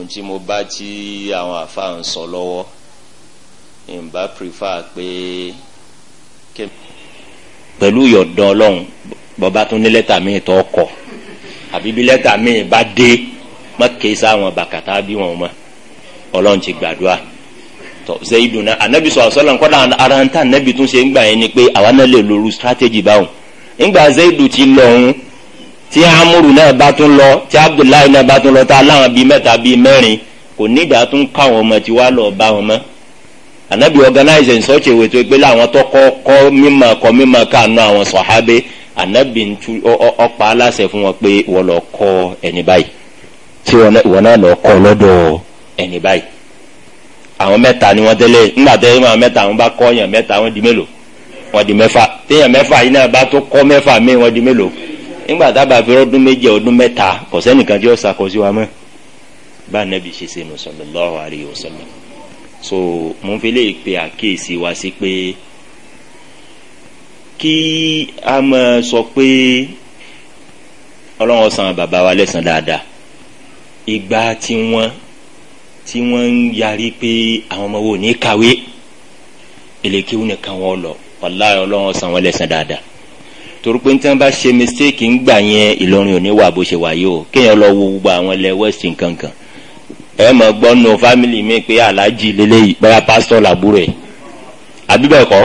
dákun tí mo bá tí àwọn àfa ń sọ lọ́wọ́ n bá prefer pé pẹ̀lú yọ̀dọ̀ ọlọ́run bọ́ba tún ní lẹ́tà míì tó kọ̀ àbí bí lẹ́tà míì bá dé má ké sáwọn bàkàtà bí wọn mọ́ ọlọ́run ti gbàdúrà tọ́ sẹ́yìn anabi sọ̀rọ̀ sọ́lá nǹkan náà ara ń tà anabi tún ṣe ń gbà yẹn ni pé àwa náà lè lo strategy báwọn ńgbà sẹ́yìn ti lọ́hùn tí amúrù náà bá tún lọ tí abdullahi náà bá tún lọ tá aláwọn bíi mẹ́ta bíi mẹ́rin kò ní ìdá tún káwọn ọmọ tí wàá lọ bá wọn mọ́ anabi organize ń sọ́ọ̀tì ìwé tó pé láwọn tó kọ́ kọ́ mímọ̀ kọ́ mímọ̀ káànú àwọn sọ̀hábé anabi ń tu ọ̀pá aláṣẹ fún wọn pé wọ́n lọ kọ́ ẹni báyìí tí wọ́n náà lọ kọ́ lọ́dọ̀ ẹni báyìí àwọn mẹ́ta ni wọ́n tẹ́lẹ̀ ńgbà tẹ́lẹ̀ wọn mẹ́ta wọn bá kọ́ yàn mẹ́ta wọn di mélòó wọn di mẹ́fà téèyàn mẹ́fà yìí náà bá tó kọ́ mẹ́fà míì wọn di mélòó nígbà tábà fi ọdún méje ọdún mẹ́ta kò sẹ́nìkan jẹ́ ọ̀sàkóso wa mọ́ bá nẹ́bí ṣe ṣe nùsọ̀lọ́ lọ́wọ́ àríyé ọ̀sọ̀lọ́ so mo fi lè pe àkíyèsí wa sí pé kí a máa sọ pé ọlọ́wọ́ san bàbá wa lẹ́sàn dáadáa ìgbà tí wọ́n tí wọ́n ń yarí pé àwọn ọmọ wo ní kàwé èlèkéwù nìkan wọn lọ wàláyé ọlọ́wọ́ san wọn lẹ́sàn dáadáa torí pé nítorí bá ṣe mistake ń gbà yẹn ìlọrin òní wà bó ṣe wà yìí o kéèyàn lọ wo gbogbo àwọn ilẹ̀ west nkankan ẹ mọ̀ gbọ́ nù family mi pé aláàjì lélẹ́yìí bóyá pásítọ̀ làbúrò ẹ̀ àbí bẹ́ẹ̀ kọ́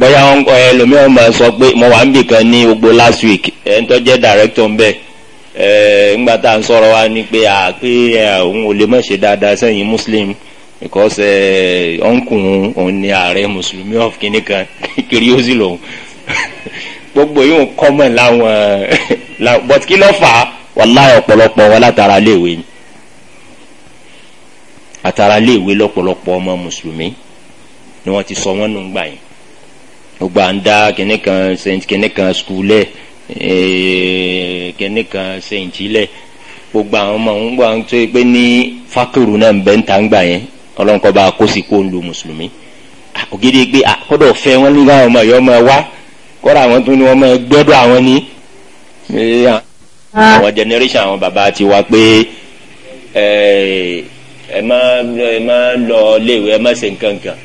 bóyá ẹlòmíràn máa sọ pé mo wà ń bì kan ní gbogbo last week ẹ̀ ń tọ́jẹ́ director ń bẹ̀ ẹ̀ ńgbà tá à ń sọ̀rọ̀ wa ni pé à pé òun ò lè mọ̀ ṣe dáadáa sẹ́yìn muslim because ọ̀nkùn òun ni ààrẹ mùsùlùmí of kìnìkan kiri ó lòun gbogbo yóò kọ́mọ̀ láwọn but kí ló fà á wàláyé ọ̀pọ̀lọpọ̀ wọn látara léèwé ni àtara léèwé lọ́pọ̀lọpọ̀ ọmọ mùsùlùmí ni wọ́n ti sọ wọ́n nù gbà yẹn gbogbo à ń dá kìnní kan saint kìnní kan skul lẹ̀ eh, kìnní kan saint lẹ̀ gbogbo àwọn ọmọ ń gbà tó yẹ pé ní fákìrù náà ń bẹ́ ń ta ń gbà yẹn ọlọ́nkọ́ bá kó sí kó ń lu mùsùlùmí ògidì pé àkọ́dọ̀ fẹ́ wọn nígbà wọn ọmọ ọmọ wa kọ́ra àwọn tún ni wọ́n máa gbẹ́dọ̀ àwọn ní. Ah. àwọn generation àwọn bàbá ti wá pé ẹ má ẹ má lọ léèwé ẹ má ṣe nǹkan kan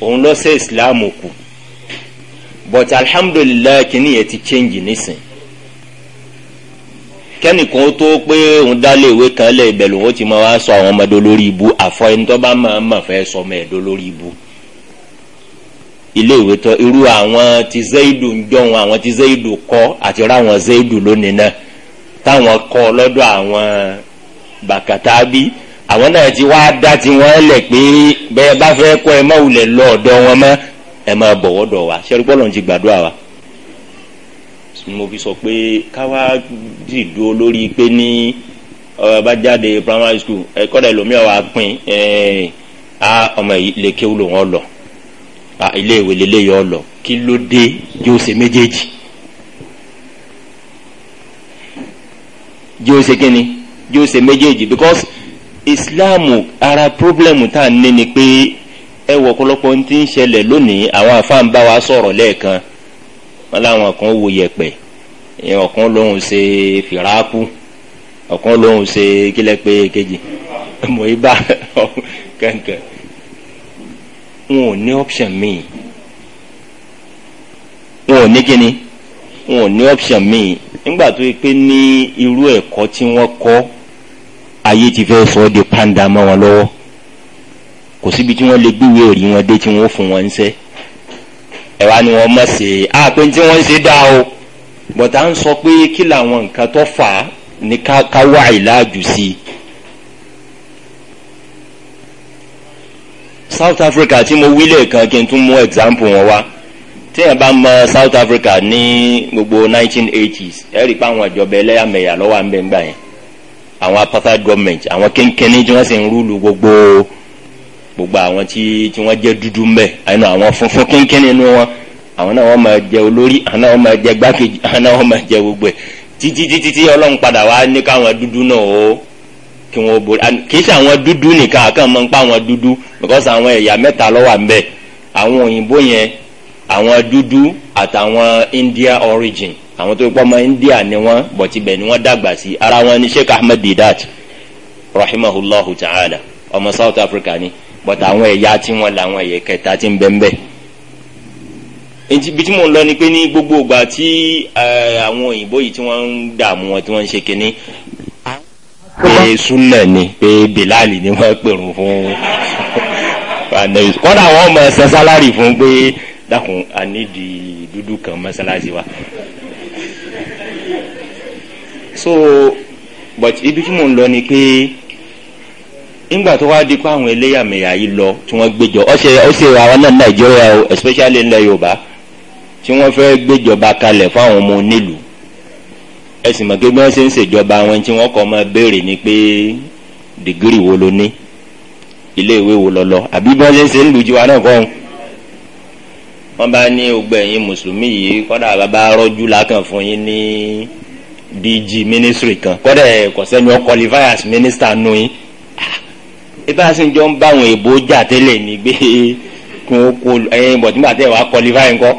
òun lọ ṣe islam kù but alhamdulilayi kìíní yẹn ti change nísìn kẹ́nìkan tó pé òun dálé ìwé kan lẹ̀ ibẹ̀ lòun ó ti máa wá sọ àwọn ọmọdé lórí ibu àfọ ẹni tó bá máa ń fẹ́ sọ ọmọ ẹ̀dọ́ lórí ibu ilé ìwé tọ́ irú àwọn ti zaidu ń jọ̀hún àwọn ti zaidu kọ́ àti ọ̀rọ̀ àwọn zaidu lónìí náà táwọn kọ́ lọ́dọ̀ àwọn bàkàtàbí àwọn náà ti wá dá tiwọn lẹ̀ pé bẹ́ẹ̀ bá fẹ́ kọ́ ẹ má wulẹ̀ lọ ọ̀dọ̀ wọn mọ́ ẹ máa bọ̀wọ́ dọ̀ wá sẹ́rí bọ́lọ̀ ti gbàdúrà wa. mo fi sọ pé káwá sì dúró lórí pé ní ọ̀rọ̀ jáde primary school ẹ̀kọ́ rẹ̀ lómi ọ̀ wá pin ọmọ yìí lè kéwù lòun ọ̀ lọ. Ah, ilé ìwé lélẹ́ yọ lọ kí ló dé yóò ṣe méjèèjì yóò ṣe kíni yóò ṣe méjèèjì because islam ara problem tá a ní ni pé ẹ wọ ọ̀pọ̀lọpọ̀ ń ti ń ṣẹlẹ̀ lónìí àwọn àfáàn bá wa sọ̀rọ̀ lẹ́ẹ̀kan wọn láwọn kan wo yẹ̀pẹ̀ ọ̀kan lòun ṣe fìràkù ọ̀kan lòun ṣe kílẹ̀ pé kejì mọ̀ ibà kẹ̀kẹ́ wọn ò ní option míì wọn ò ní kíni wọn ò ní option míì nígbà tó yẹ pé ní irú ẹ̀kọ́ tí wọ́n kọ́ ayé ti fẹ́ sọ di panda mọ́ wọn lọ́wọ́ kò síbi tí wọ́n lè gbúwé rí wọn dé tí wọ́n fún wọn ń sẹ́ ẹ ni wọ́n mọ̀ sí i á pé tí wọ́n ń ṣe dá o bọ̀tà ń sọ pé kí làwọn nǹkan tó fà á ní ká wá ìlàjù sí i south africa tí mo wí lẹ́ẹ̀kan kí n tún mú example wọn wá téèyàn bá mọ south africa ní gbogbo 1980s. ẹ rí i pé àwọn ìjọba ẹlẹ́yàmẹ̀yà lọ́wọ́ à yẹn àwọn apartheid government àwọn kínkínní tí wọ́n sì ń rúlu gbogbo gbogbo àwọn tí tí wọ́n jẹ́ dúdú mbẹ́ àyìnbó àwọn funfun kínkínní inú wọn àwọn náà wọ́n máa jẹ olórí àwọn náà wọ́n máa jẹ gbákejì àwọn náà wọ́n máa jẹ gbogbo ẹ̀ títí títí ọlọ́run padà wá ní káwọn dúdú náà ó kí wọ́n borí kì í ṣe àwọn dúdú nìkan àkàn máa ń àwọn dúdú because àwọn ẹ̀yà mẹ́ta ló wà ńbẹ̀ àwọn òyìnbó yẹn àwọn dúdú àtàwọn India origin àwọn tó pọ̀ mọ́ India ni wọ́n bọ̀tí bẹ̀ ni wọ́n dàgbà sí ara wọn ni Sheikh Ahmed Didat rahimahullahu ta'ala ọmọ South Africa ni but àwọn ẹ̀yà tí wọ́n làwọn ẹ̀yẹ kẹta ti ń bẹ ńbẹ̀ ibi tí mo ń lọ ni pé ní gbogbo ìgbà tí eh, àwọn òyìnbó yìí tí wọ́n ń dààmú wọn tí wọ́n ń ṣe kinní pé súnà ni pé bilali ni wọ́n pèrò fún kọ́dà wọ́n mọ ẹsẹ̀ sálárì fún pé dákun anídìí dúdú kan mọ́sálásí wa. so but ibi tí mò ń lọ ni pé nígbà tó wá di pé àwọn eléyàmẹ̀yà yìí lọ tí wọ́n gbẹjọ ọ̀sẹ̀ ọ̀sẹ̀ àwọn náà nàìjíríà especially ilẹ̀ yorùbá tí wọ́n fẹ́ gbẹjọba kalẹ̀ fáwọn ọmọ onílùú ẹ̀sìn mọ̀ pé bí wọ́n ṣe ń ṣèjọba àwọn tí wọ́n kọ́ máa béèrè ni pé dìgírì wo lo ní ilé ìwé wo lọ́lọ́ àbí bí wọ́n ṣe ń ṣe ń lù jíwa náà kọ́hún. wọ́n bá ní ogbó ẹ̀yin mùsùlùmí yìí kọ́dà bàbá rọ́jú lákàn fún yín ní dg ministry kan kọ́dà ẹ̀kọ́ sẹ́ni ọ́ as minister nù yín. ibà sì ń jọ ń bá àwọn èèbó jà tẹ́lẹ̀ ní kún ó kó ẹ̀yin bọ̀ nígbà tẹ́ wàá qualify ńkọ́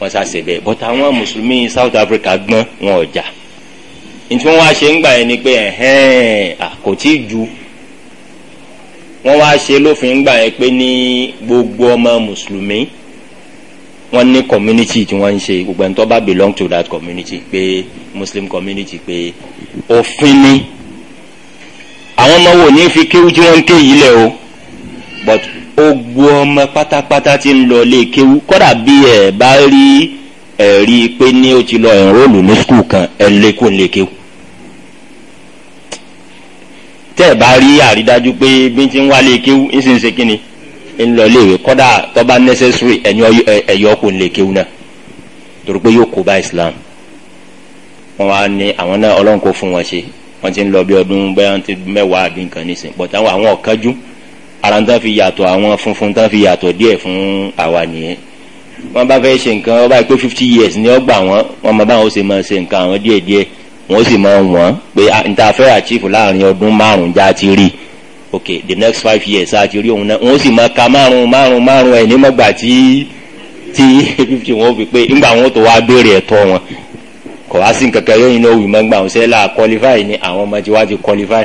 wọ́n ṣàṣe bẹ́ẹ̀ bọ́tà àwọn mùsùlùmí south africa gbọ́n wọn ò jà ntí wọ́n wá ṣe ń gbà yẹn ni pé kò tí ì ju wọ́n wá ṣe lófin gbà yẹn pé ní gbogbo ọmọ mùsùlùmí wọ́n ní community tí wọ́n ń ṣe gbogbo ẹni tó bá belong to that community pé muslim community pé òfin ni àwọn ọmọ wo ní fi kéwú tí wọ́n ń ké yìí lẹ̀ o but ogbó ọmọ pátápátá ti ń lọ lé kéwú kọ́dà bí ẹ̀ bá rí ẹ̀rí pé ní o ti lọ ẹ̀rọ́ọ̀lù ní skul kan ẹ̀ lékún lé kéwú. tẹ́ ẹ̀ bá rí àrídájú pé bí ti ń wá lé kéwú ń sì ń ṣe kíni ń lọ léèwé kọ́dà tọ́ba necessary ẹ̀yọ́ kò lé kéwú náà torí pé yóò kó bá islam wọn wá ní àwọn náà ọlọ́run kò fún wọn ṣe wọn ti ń lọ bí ọdún bẹ́ẹ̀ ti mẹ́wàá àbí nǹkan nísìnyí pọ̀ táwọn àwọn ọ̀kanjú ara ń tán fi yàtọ̀ àwọn funfun tán fi yàtọ̀ díẹ̀ fún àwa nìyẹn wọn bá fẹ́ ṣe nǹkan ọba pé fifty years ni ó gbà wọn wọn máa báwọn ó sì máa ṣe nǹkan àwọn díẹ̀ díẹ̀ wọn ó sì máa wọ̀n pé ah, níta fẹ́ àchífù láàrin ọdún márùn já ti rí ok the next five years a ti rí òun náà wọn ó sì máa ka márùn márùn márùn ẹ̀ nímọ̀gbà tí tí fifty wọn ó fi pé ńgbà wọn ó tó wá béèrè ẹ̀tọ́ wọn kọ̀ wá sí nǹkan kan yóò yín wọn sẹ́lá qualify ni àwọn ọmọ tí wá ti qualify.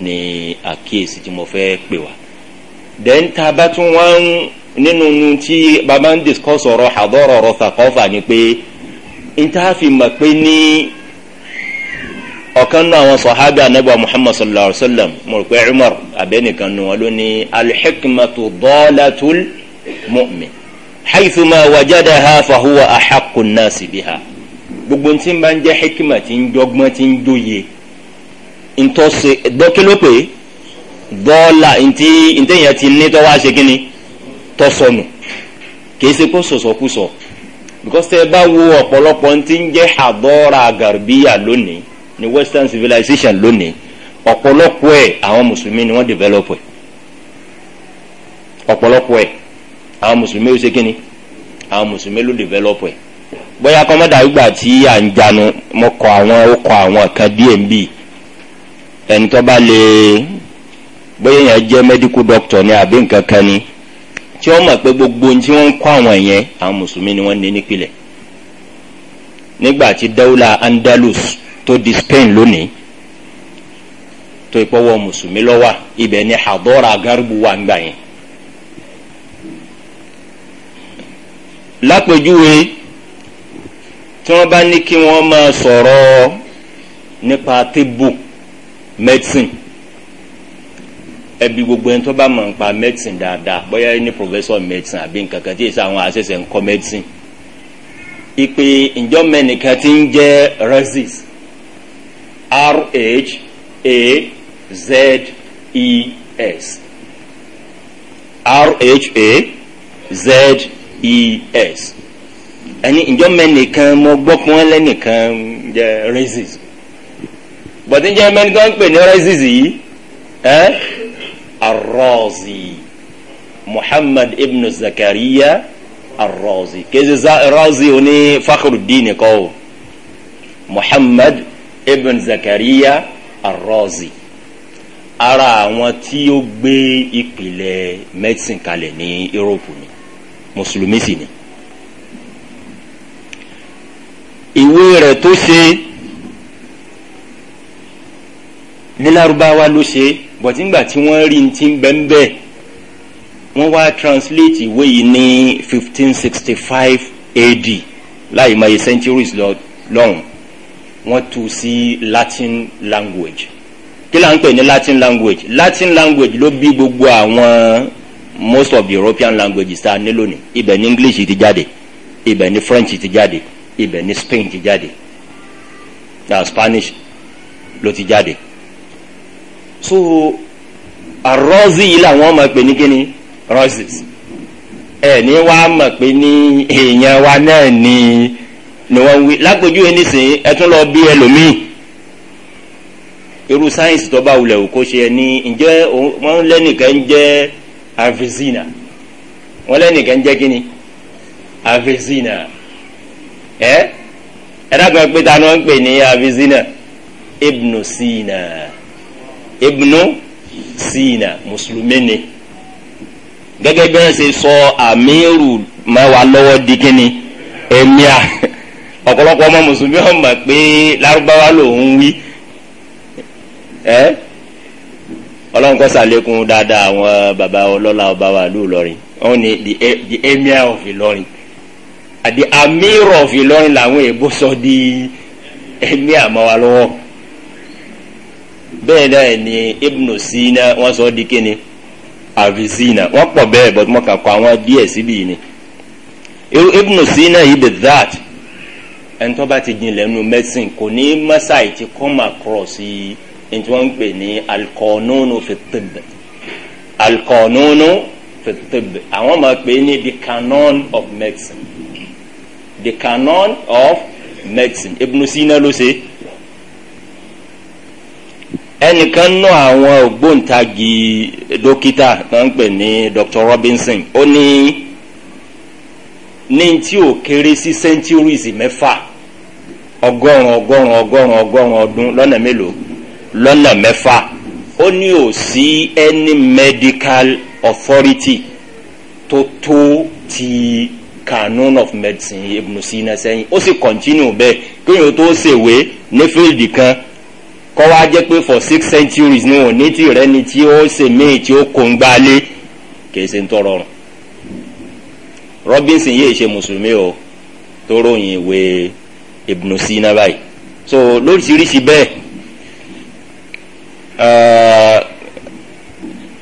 ni àkíyèsí tí mo fẹ́ pè wá then tá a bá tún wá ń nínú nu tí baba ń discuss ọ̀rọ̀ àbọ̀rọ̀ ọ̀rọ̀ sàkọ́fà ni pé n ta fi mọ̀ pé ní ọ̀kan náà àwọn sọ̀hábì anábà muhammad sallallahu alayhi wa sallam mo rò pé umar abẹ́nìkan nu wọn ló alḥikmatu dọ́latul mu'min haythuma wajadaha fahuwa aḥaqqun nasi gbogbo tí n bá ń jẹ́ hikima tí ń dọ́gbọ́n tí ń dóye ntọ́sẹ̀ dọ́ kí ló pè é dọ́ọ̀là ntí ntẹ̀yìn ti ní tọ́wọ́ àṣẹ kínní tọ́sọ̀nù kì í ṣe because tẹ́ ẹ bá wo ọ̀pọ̀lọpọ̀ ntí ń jẹ́ àdọ́ra gàrbíyà lónìí western civilization lónìí ọ̀pọ̀lọpọ̀ ẹ̀ àwọn mùsùlùmí ni wọ́n develop ẹ̀ ọ̀pọ̀lọpọ̀ ẹ̀ àwọn mùsùlùmí ló ṣe kínní àwọn mùsùlùmí ló develop ẹ̀ bóyá gbà tí à ń janu mọ́kọ àwọn ó kọ àwọn kan díẹ̀ ẹni tó bá lè bóyá yẹn jẹ́ medical doctor ni àbí nǹkan kan ni tí wọ́n mọ̀ pé gbogbo ohun tí wọ́n ń kọ́ àwọn yẹn àwọn mùsùlùmí ni wọ́n ní nípìnlẹ̀ nígbà tí dawla andalus tó di spain lónìí tó ìpọ́wọ́ mùsùlùmí lọ́wọ́ ibẹ̀ ni hadora garbu wà ń gbà yẹn. lápèjúwe tí wọ́n bá ní kí wọ́n máa sọ̀rọ̀ nípa tébù medicine ẹbí gbogbo ẹni tó bá mọ̀ nípa medicine dáadáa bóyá ẹni professor medicine àbí nǹkan kan tí èsì àwọn àṣẹṣẹ ń kọ́ medicine ìpè ìjọ mẹ́nìkan ti ń jẹ́ rhesus r h a z e s r h a z e s ẹni ìjọ mẹ́nìkan mo gbọ́ pọ́n lẹ́nìkan jẹ́ rhesus bọ̀tí jẹ́ mẹ́ni tó ń pè ní rẹ́sìs yìí ẹ́ arọ́ọ̀zì muhammad ibn zakariya arọ́ọ̀zì kéde rọ́ọ̀zì oní fakhrudin kọ́ o muhammad ibn zakariya arọ́ọ̀zì ara àwọn tí ó gbé ìpìlẹ̀ medicine kalẹ̀ ní europe ni mùsùlùmí sì ni ìwé rẹ̀ tó ṣe ní lárúbáwá ló ṣe bọ̀tí ńgbà tí wọ́n rí ti ń bẹ́ńbẹ́ wọ́n wá translate ìwé yìí ní fifteen sixty five ad láì mọye centuries lọ́hùn wọ́n tu sí latin language kí là ń pè ní latin language latin language ló bí gbogbo àwọn most of the european languages tá a ní lónìí ibẹ̀ ní english ti jáde ibẹ̀ ní french ti jáde ibẹ̀ ní spain ti jáde na spanish ló ti jáde so arọ́ọ̀zì yìí làwọn ọmọ pè ní kíni roses ẹni wa mọ̀ pé ní èèyàn wa náà ni ni wọ́n wí lápèjúwe nísìnyí ẹ tún lọ bí ẹlòmíì irú sáyẹ́nsì tó bá wulẹ̀ òkó ṣe ẹ ní ǹjẹ́ wọ́n lẹ́nìkan ń jẹ́ avizina wọ́n lẹ́nìkan ń jẹ́ kíni avizina ẹ ẹ dàgbà pé ta ni wọ́n ń pè ní avizina ibnu sina ibnu sina mùsùlùmí ni gẹ́gẹ́ bí wọ́n ṣe sọ àmírù mẹ́wàá lọ́wọ́ di kínní emir ọ̀pọ̀lọpọ̀ ọmọ mùsùlùmí wọn mọ̀ pé lárúbáwá lòún wí ẹ́ ọlọ́run kọ́ sàlékún dáadáa àwọn bàbá ọlọ́lá ọba wa lù lọ́rin wọn ni the, e, the emir of ìlọrin àti amir of ìlọrin làwọn èèbó sọ di emir mọ́ wa lọ́wọ́ bẹ́ẹ̀ náà ni ibnu sina wọ́n sọ di kíni avicina wọ́n pọ̀ bẹ́ẹ̀ bọ́tú mọ́ kàn kọ́ àwọn díẹ̀ síbi yìí ni ibnu sina yìí bẹ̀ that ẹni tó bá ti jinlẹ̀ nu medicine kò ní masai ti come across yìí ẹni tí wọ́n ń pè ní alikọ́nùnù fìtìbẹ̀ alikọ́nùnù fìtìbẹ̀ àwọn máa pè ní the canon of medicine the canon of medicine ibnu sina ló ṣe é ẹnìkan nú àwọn ògbóǹtagì dókítà tó ń pè ní dr robinson ó ní ní tí ò kéré sí centuries mẹ́fà ọgọ́rùn ọgọ́rùn ọgọ́rùn ọgọ́rùn ọdún lọ́nà mélòó lọ́nà mẹ́fà ó ní ò sí any medical authority tó tó ti canon of medicine ibùsùn iná sẹ́yìn ó sì continue bẹ́ẹ̀ kéèyàn tó ṣèwé ní fíìdì kan kọ́ wá jẹ́ pé for six centuries ni wọn ní tìrẹ́ ni tí ó ṣe míì tí ó kó ń gbá lé kìí ṣe ń tọrọ rùn robinson yìí ṣe mùsùlùmí o tó ròyìn ìwé ibùnú iná báyìí so lóríṣiríṣi bẹ́ẹ̀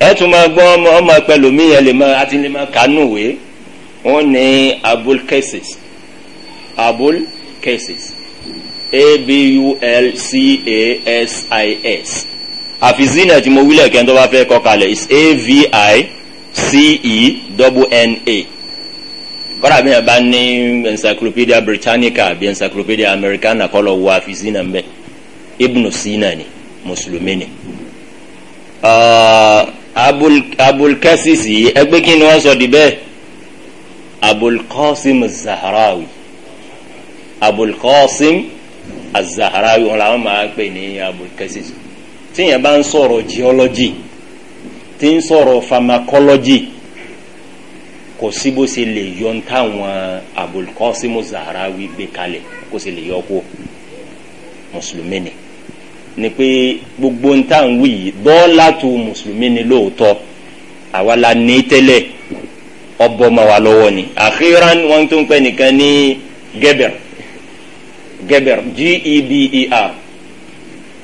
ẹ tún máa gbọ́ ọmọ pẹ̀lú mi yẹn lè máa àti lè máa kánú ìwé wọn ní abul cases abul cases a-b-u-l-c-a-s-i-s àfi zina tí mo wílẹ̀ kẹ́ńtọ́ bá fẹ́ kọ́ kalẹ̀ is a-v-i-c-e-n-n-a kọ́ra bí yẹn bá ní encyclopedia britannica àbí encyclopedia americana kọ́ lọ wo àfi zina mbẹ́ ibnu sina ni mùsùlùmí ni. Uh, abulkasisi abul ẹgbẹ́ kí ni wọ́n sọ di bẹ́ẹ̀ abulkasim zahrawi abulkasim azahara wọn làwọn máa pè ní abulkasis tíyẹn bá ń sọ̀rọ̀ geology tí ń sọ̀rọ̀ pharmacology kò sí bó ṣe lè yọ ń táwọn abulkasimu zahara wí gbé kalẹ̀ kó ṣe lè yọ kó mùsùlùmí ni ni pé gbogbo ń yìí bọ́ọ̀lá tu mùsùlùmí ni lóòótọ́ àwa la ní tẹ́lẹ̀ ọbọ̀ ma wà lọ́wọ́ ni àkíran wọn tó ń pẹ́ nìkan ní gẹ́bẹ̀rẹ̀. Geber e G-E-B-E-R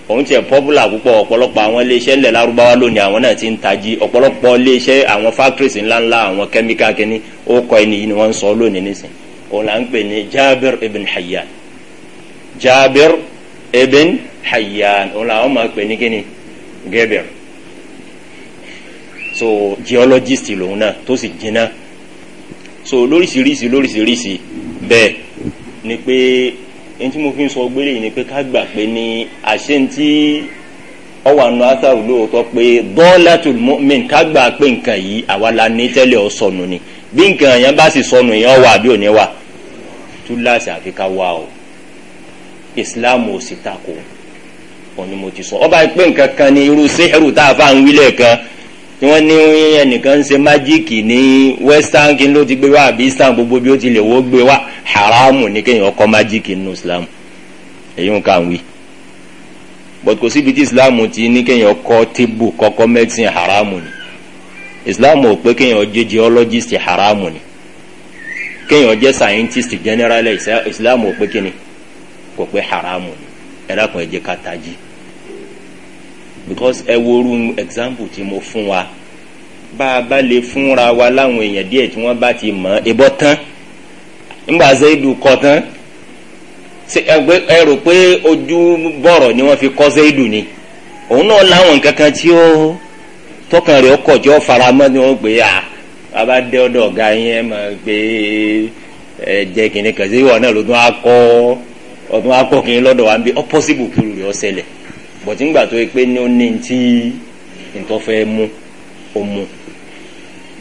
òun tiẹ̀ popular púpọ̀ ọ̀pọ̀lọpọ̀ àwọn iléeṣẹ́ ńlẹ̀ lárúbáwá lónìí àwọn náà ti ń tají ọ̀pọ̀lọpọ̀ iléeṣẹ́ àwọn factories ńláńlá àwọn kẹ́míkà kínní ó kọ́ ẹni yìí ni wọ́n ń sọ lónìí nísìn òun là ń pè ní Jabir ibn Hayyan Jabir ibn Hayyan òun làwọn máa pè ní kínní Geber so geologist lòun náà tó sì jiná so lóríṣiríṣi lóríṣiríṣi bẹ́ẹ̀ ni pé ntí mo fi ń sọ gbélé yìí ni pé ká gbà pé ní àṣẹ ntí ọwọ́ àánú atharu lóòótọ́ pé dalatul mu'min ká gbà pé nǹkan yìí àwa la ní tẹ́lẹ̀ ọ sọnù ni bí nǹkan yẹn bá sì sọnù yẹn wà bí ò ní wà túláàsì àfi ká wà o islam ò sì takò òní mo ti sọ ọba pé nǹkan kan ní irú sẹ́ẹ̀rù tá a fà ń wílẹ̀ kan. tí wọ́n ní ẹnìkan ń ṣe májíìkì ní western kí ló ti gbé wá àbí islam gbogbo bí ó ti lè wó gbé wá haramu ní kéèyàn kọ́ májíìkì nínú islam èyí ń kà ń wí but kò síbi tí islam ti ní kéèyàn kọ́ tébù kọ́kọ́ medicine haramu ni islam ò pé kéèyàn jẹ́ geologist haramu ni kéèyàn jẹ́ scientist generalist islam ò pé kíni kò pé haramu ni ẹ̀dá kan ẹ̀ jẹ́ ká tají. because ẹ woru example ti mo fun wa bá a bá wa láwọn èèyàn díẹ̀ tí wọ́n bá ti mọ̀ ebọ́ tán nígbà zayidu kọ tán ẹ rò pé ojú bọ̀rọ̀ ni wọ́n fi kọ́ zayidu ni òun náà láwọn nǹkan tí ó tọkàn rẹ̀ ọkọ̀ tí ó faramọ́ ni wọ́n gbé a bàbá dé ọ̀dọ̀ ọ̀gá yẹn ẹ máa ẹ jẹ́ kìnìkan sí ìwọ náà ló tún wa ń bí ọ́ possible rẹ̀ ọ́ bọ̀tí ńgbà tó yẹ pé ní ó ní ti ntọ́fẹ́ mú ó mú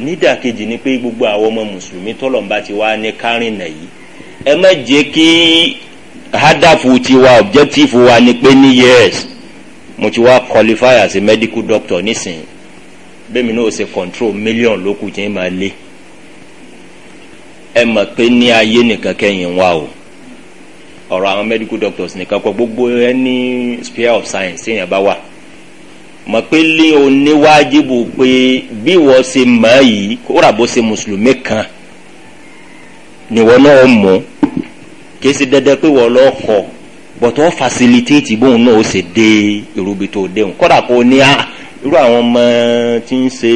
nídàkejì ni pé gbogbo àwọn ọmọ mùsùlùmí tọ́lọ̀ ń bá ti wá ní kárìnà yìí ẹ má jẹ́ kí hádàfù tiwa objective wa ni pé ní years mo ti wá qualify as a medical doctor nísìnyí bẹ́ẹ̀mi náà ó ṣe control million lókù tí ń máa lé ẹ mọ̀ pé ní ayé nìkan kẹ́yìn wá o ọ̀rọ̀ àwọn medical doctors nìkan kọ gbogbo ẹni sphere of science èèyàn bá wà mọ̀ pé lé oníwájibù pé bí wọ́n ṣe mọ̀ yìí kóra bó ṣe mùsùlùmí kan nìwọ náà mọ̀ kìí ṣe dandan pé wọ́n lọ́ kọ́ bọ̀tọ̀ facilitate bóun náà ó ṣe dé irúbi tó déhùn kódà kó ní à ah, irú àwọn ọmọ tí ń ṣe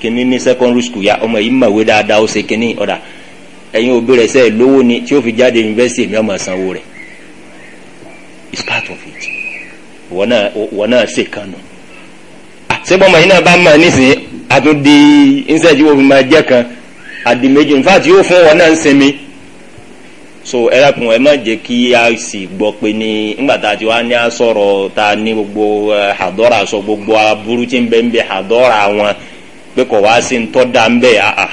kínní ní secondary school ya ọmọ yìí mọ̀wé dáadáa ó ṣe kínní ọ̀dà ẹ̀yin òbí rẹ̀ sẹ́ẹ̀ lówó ni tí ó fi jáde university mi ọmọ sanwó rẹ̀ is part of it wọn náà ṣe kan nù. sẹ́gbọ́n yìí náà bá máa nísìnyí àtúndì ìṣẹ́jú máa jẹ́ kan àdì méjì in fact yóò fún wọn náà ń sinmi so ẹ ẹ kí a sì gbọ́ pé ní ńgbà tá a ti wá ní gbogbo àdọ́rà eh,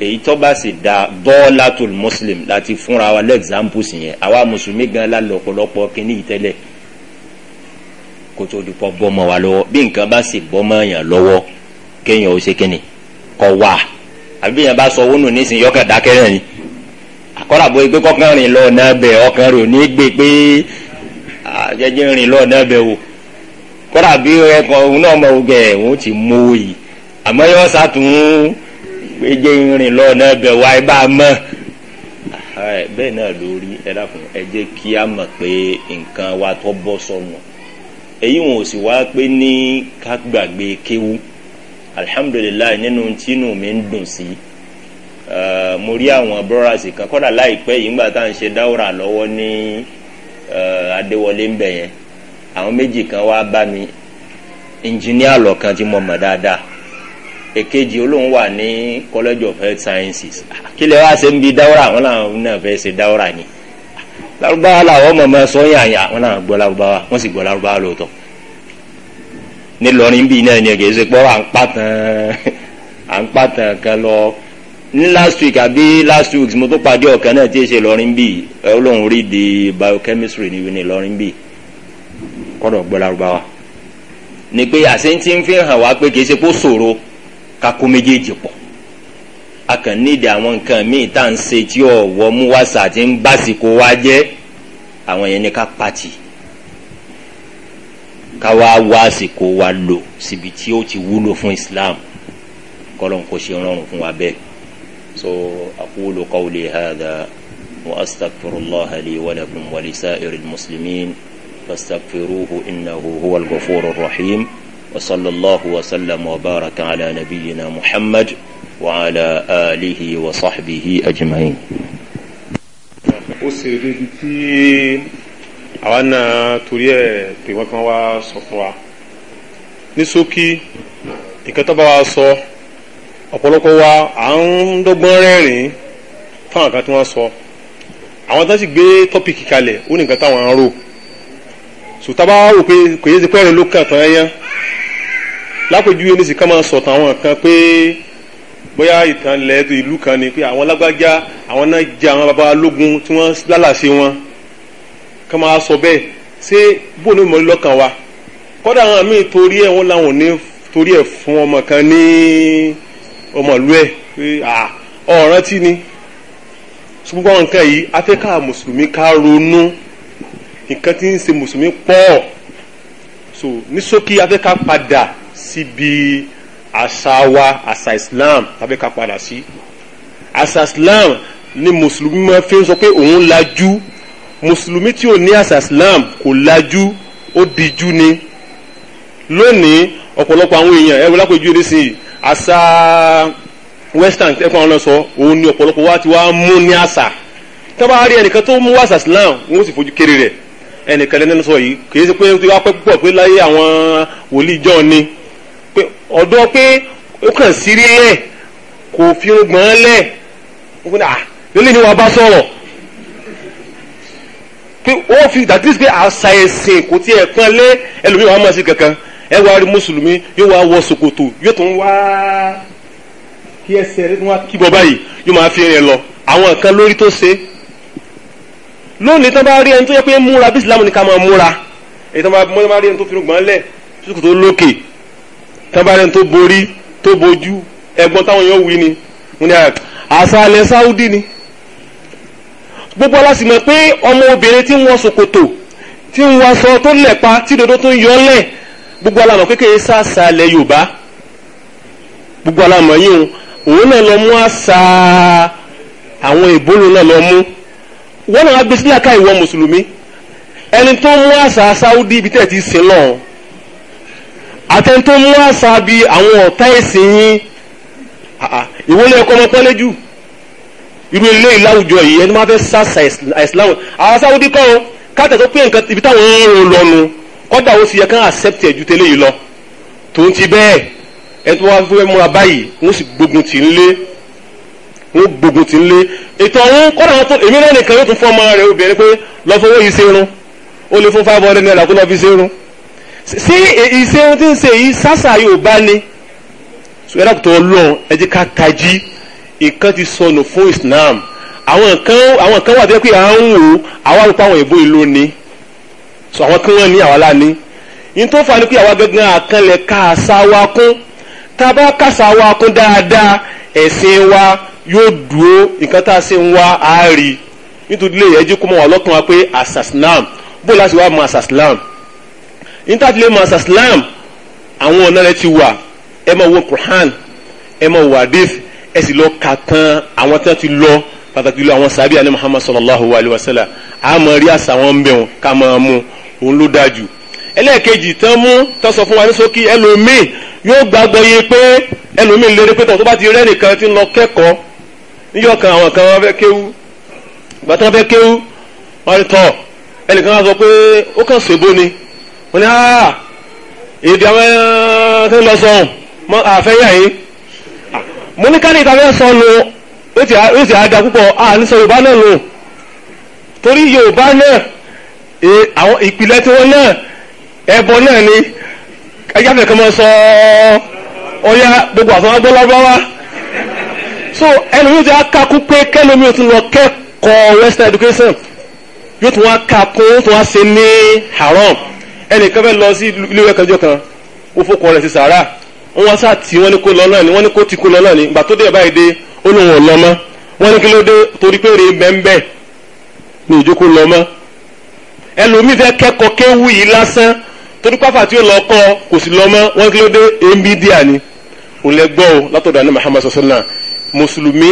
èyí tó bá sì da dọ́ọ̀látòl muslim láti fúnra wa lẹ́gzámpùs yẹn àwa mùsùlùmí gan la lọ́pọ̀lọpọ̀ kíní ìtẹ́lẹ̀ kó tó di pọ́ bọ́ mọ́ wa lọ́wọ́ bí nǹkan bá sì bọ́ mọ́ yàn lọ́wọ́ kéèyàn ó ṣe kíni kọ́ wà àbí yẹn bá sọ owó nù nísìnyí ọkàn dákẹ́rẹ́ ni àkọ́lá bóyá pé kọ́kàn rìn lọ náà bẹ̀ ọkàn rìn ò ní gbé pé àjẹjẹ rìn lọ náà bẹ̀ wò kọ́lá bí ẹ̀kọ́ òun náà mọ̀ gbẹ́jẹ́ irin lọ́ọ̀nà bẹ̀ wá ẹ bá a mọ̀ bẹ́ẹ̀ náà lórí ẹ dákun ẹ jẹ́ kí a mọ̀ pé nǹkan wa tó bọ́ sọnù èyí wọn ò sì wá pé ní ká gbàgbé kéwú alihamudulilayi nínú tínú mi ń dùn sí mo rí àwọn bọ́rọ̀sì kan kọ́dà láìpẹ́ yìí ńgbà tá à ń ṣe dáwọ́rà lọ́wọ́ ní adéwọlé ń bẹ̀ àwọn méjì kan wá bá mi ẹnjìníà lọ̀kan tí mo mọ̀ dáadáa èkejì olóhùn wà ní college of health sciences kí lè wá ṣe ń bi dáwọ́rà àwọn làwọn náà fẹ́ ṣe dáwọ́rà ni lárúbáwá làwọn ọmọ ọmọ sọ yàn yà wọn làwọn gbọ́ lárúbáwá wọ́n sì gbọ́ lárúbáwá lóòótọ́ nílọrin bíi náà ni kì ṣe pọ́ à ń pàtàn à ń pàtàn kan lọ ní last week àbí last week mo tó pàdé ọ̀kan náà tí ì ṣe lọ́rin bíi olóhùn rí di biochemistry ní lọ́rin bíi kọ́dọ̀ gbọ́ lárúbáwá ni pé àṣẹ ti ń fi hàn wá pé kì í ṣe kó ṣòro kakó méjèèjì pọ̀ a kàn nídìí àwọn nǹkan míì tá à ń ṣe tí ọ̀wọ́ mú wá sàtí ń básìkò wá jẹ́ àwọn yẹn ni ká pàtì ká wá wá àsìkò wa lò síbi tí ó ti wúlò fún Islam kọ́lọ́n kò ṣe rọrùn fún wa bẹ́ẹ̀ so aqulu qawli hadha wa الله لي ولكم ولسائر المسلمين، فاستغفروه sa'iril هو الغفور الرحيم. وصلى الله وسلم وبارك على نبينا محمد وعلى آله وصحبه أجمعين ó ṣe débi tí àwa kàn wá sọ fún wa ní ṣókí nǹkan tó bá wa sọ ọ̀pọ̀lọpọ̀ wa à ń dọ́gbọ́n rẹ́rìn-ín fún kan tí wọ́n sọ àwọn tó ń sì gbé tọ́pìkì kalẹ̀ ó ní nǹkan táwọn ń rò sùtábà wò pé kò yé ti pẹ́ẹ́rẹ́ ló kàn tán ẹyán lápèjúwe ní sìkà máa sọ̀tàn àwọn kan pé bóyá ìtàn lẹ́ẹ̀tọ́ ìlú kan ni pé àwọn lágbájá àwọn náà jẹ́ àwọn baba lógun tí wọ́n lálàsí wọn kàn máa sọ bẹ́ẹ̀ ṣé bó ni mọ̀lẹ́ lọ́kàn wa kọ́dà àwọn míì torí ẹ̀ wọ́n làwọn ò ní torí ẹ̀ fún ọmọ kan ní ọmọlú ẹ̀ pé ọ̀ràn tí ni ṣùgbọ́n àwọn nǹkan yìí afẹ́ká mùsùlùmí ká ronú nǹkan tí ń ṣe mùsùlùmí pọ̀ so ní ṣókí afẹ́ká padà síbi àṣà wa àṣà islam tàbí ká padà sí àṣà islam ni mùsùlùmí máa fi ń sọ pé òun lajú mùsùlùmí tí ò ní àṣà islam kò lajú ó dijú ni lónìí ọ̀pọ̀lọpọ̀ àwọn èèyàn ẹ̀rọ lápẹ̀jú ẹ̀rẹ́ sí àṣà western ẹ̀kọ́ àwọn ọlọ́sọ òun ni ọ̀pọ̀lọpọ̀ wa ti wá mú ní àṣà tábà rí ẹnìkan tó mú àṣà islam wọn ó sì fojú kéré rẹ̀ ẹnìkan lẹ́nu sọ yìí kì í ṣe pé ó ti wá pẹ́ púpọ̀ pé láyé àwọn wòlíì jọ́ọ̀ ni ọ̀dọ́ pé ó kàn sírí lẹ̀ kò fi gbọ́n lẹ̀ ó kún à lónìí ni wàá bá sọ̀rọ̀ pé ó fi that is pé àṣà ẹ̀sìn kò tiẹ̀ pọ́n lé ẹlòmíràn wàá mọ̀ sí kankan ẹ wá rí mùsùlùmí yóò wá wọ ṣòkòtò yóò tún wá kí ẹsẹ̀ rẹ̀ tún wá kí bọ́ báyìí yóò máa fi rìn lọ àwọn nǹkan lórí tó ṣe lónìí tán bá rí ẹni tó yẹ pé múra bí Islam ní ká máa múra èyí tán bá rí ẹni tó fi gbọ́n lẹ̀ ṣòkòtò lókè tábàárẹ̀ tó borí tó bojú ẹ̀gbọ́n táwọn yóò wí ni wọ́n ní ah, àṣàlẹ̀ Saudi ni gbogbo aláṣì mọ̀ pé ọmọ obìnrin tí ń wọ ṣòkòtò tí ń wọ aṣọ tó lẹ̀pa tí dodo tó ń yọ lẹ̀ gbogbo alámọ̀ kékeré sàṣàlẹ̀ Yorùbá gbogbo alámọ̀ yìí òun náà lọ mú àṣà àwọn ìbólú náà lọ mú wọ́n náà wá gbé sílẹ̀ ká ìwọ mùsùlùmí ẹni tó mú àṣà Saudi ibi tẹ̀ ti sìn lọ́hùn àtẹni tó mú àṣà bíi àwọn ọ̀tá ẹ̀sìn yín ìwọlé ẹ̀kọ́ ọmọpọ́lé jù irú ilé ìláwùjọ yìí ẹni máa fẹ́ sàṣà àìsíláwù àwọn sáwùdí kọ́ káàtà tó pé nǹkan ibi táwọn ń rò lọ́nu kọ́dà ó sì yẹ kán accept ẹ̀ ju tẹ́lẹ̀ yìí lọ tòun ti bẹ́ẹ̀ ẹni tó wá fẹ́ múra báyìí wọ́n sì gbógun tì ń lé wọ́n gbógun tì ń lé ètò ọ̀hún kọ́dà wọn fún èmi náà nìkan yóò tún fún ọmọ rẹ̀ obìnrin pé lọ́ fowó yìí ṣerun ó lè fún five hundred naira kó lọ́ fi ṣerun ṣé ìṣe ohun tí ń ṣe yìí sásà yóò bá ní ṣùgbọ́n àpótọ́ ọlọ́run ẹ jẹ́ ká tají nǹkan ti sọnù fún Islam àwọn kan àwọn kan wà tó yẹ pé à ń wò àwọn àrùkọ àwọn ìbò ìlú ni so àwọn kí wọ́n ní àwa la ní yín tó fà ní pé àwa gángan àkànlẹ̀ ká àṣà wa kún tá a bá kàṣà wa kún dáadáa ẹ̀sìn wa yóò dúró nǹkan tá a ṣe ń wá àárí nítorí lè yẹ jí kó mọ̀ wà lọ́kàn wa pé àṣàṣìlám bó láti wá mọ àṣàṣìlám nítàtílẹ̀ masa islam àwọn ọ̀nà rẹ̀ ti wà ẹ máa wo quran ẹ máa wo hadith ẹ sì lọ kà tán àwọn tí wọ́n ti lọ pàtàkì lọ àwọn sábẹ́ àní muhammad sallallahu alayhi wa sallam àmọ́ rí àṣà wọn ń bẹ̀ wọn ká máa mú òun ló dáa jù ẹlẹ́ẹ̀kejì tán mú tán sọ fún wa ní sókí ẹlòmíì yóò gbàgbọ́ yé pé ẹlòmíì lérè pé tọ̀ ti rẹ́ nìkan ti lọ kẹ́kọ̀ọ́ níjọ́ kan àwọn kan wọn fẹ́ kéwú gbàtàn fẹ́ kéwú wọn tọ̀ ẹnìkan wá sọ pé ó kàn ṣèbó ni wọ́n ní ah èdè àwọn tó ń lọ sọ mọ àfẹ́yà yìí mo ní káni ìtàwé sọ lò ó ti àga púpọ̀ à ní sọ Yorùbá náà lò torí Yorùbá náà e, àwọn ìpìlẹ̀ tiwọn náà ẹbọ náà ni ẹjá fẹ̀ kan mọ sọ ọyá gbogbo àtọ́ wọn gbọ́ lọ́wọ́ so ẹnu yóò ti akakú pé kẹ́lómi ò tún lọ kẹ́kọ̀ọ́ western education yóò tún wá kakún tó wá ṣe ní haram ẹnìkan fẹ́ lọ sí ilé ìwé kanjọ kan ó fọkọ rẹ̀ sí sàárà wọ́n sá tí wọ́n ní kó lọ náà ni wọ́n ní kó ti kó lọ náà ni ìgbà tó dé báyìí dé ó lóun ò lọ mọ́ wọ́n ní kí ló dé torí pé rèé bẹ́ńbẹ́ ni ìjókòó lọ mọ́ ẹlòmíì fẹ́ kẹ́kọ̀ọ́ kéwù yìí lásán torí pàfà tí ó lọ kọ́ kò sí lọ mọ́ wọ́n ní kí ló dé èébì díà ni ò látọ̀dọ̀ àná Muhammad sọ́sọ́nà mùsùlùmí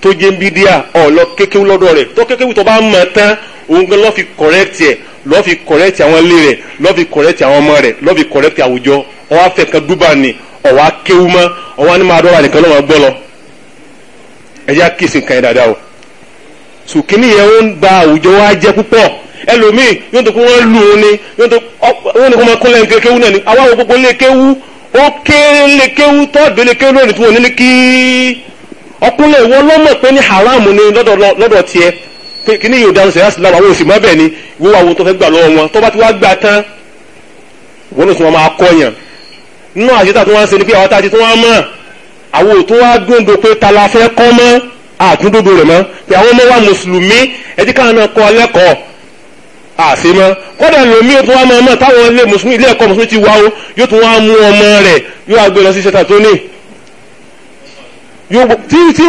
tó jẹ́ ń bí díà ọ̀ lọ kékéwù lọ́dọ̀ rẹ̀ tó kékéwù tó bá mọ̀ tán òun gan lọ́ fi kọ̀rẹ́ktì ẹ̀ lọ́ọ́ fi kọ̀rẹ́tì àwọn ilé rẹ̀ lọ́ọ́ fi kọ̀rẹ́tì àwọn ọmọ rẹ̀ lọ́ọ́ fi kọ̀rẹ́tì àwùjọ ọwọ́ afẹ́ kan dúbà ni ọwọ́ akéwu mọ́ ọwọ́ ni máa dọ́ra nìkan lọ́wọ́ gbọ́ lọ. ẹ jẹ́ àkíyèsí nǹkan yẹn dáadáa o. sùkínì yẹn ó ń ba àwùjọ wa jẹ púpọ̀ ẹlòmíì yóò tó kó wọ́n lù ú ni yóò tó wọ́n ní kó máa kún lẹ́yìn náà ni àwa wo gbogbo pé kíní yóò dáhùn sẹ́yà sílámù àwọn òsì mọ́bẹ̀ ni wọ́n wá wo tó fẹ́ gbà lọ́wọ́ wọn tó bá ti wá gbà tán wọ́n ló sì wọ́n máa kọ́yàn nínú àṣetà tó wá ń ṣe ni pé àwọn tá a ti tó wá mọ̀ àwọn ò tó wá dóńdó pé ta la fẹ́ kọ́ mọ́ àtúndódo rẹ̀ mọ́ pé àwọn ọmọ wa mùsùlùmí ẹtí káwọn náà kọ́ lẹ́kọ̀ọ́ àṣe mọ́ kọ́dà lómi ó tún wá máa mọ̀ táwọn ilé mùsùlùmí ilé ẹ̀kọ́ mùsùlùmí o yóò ilé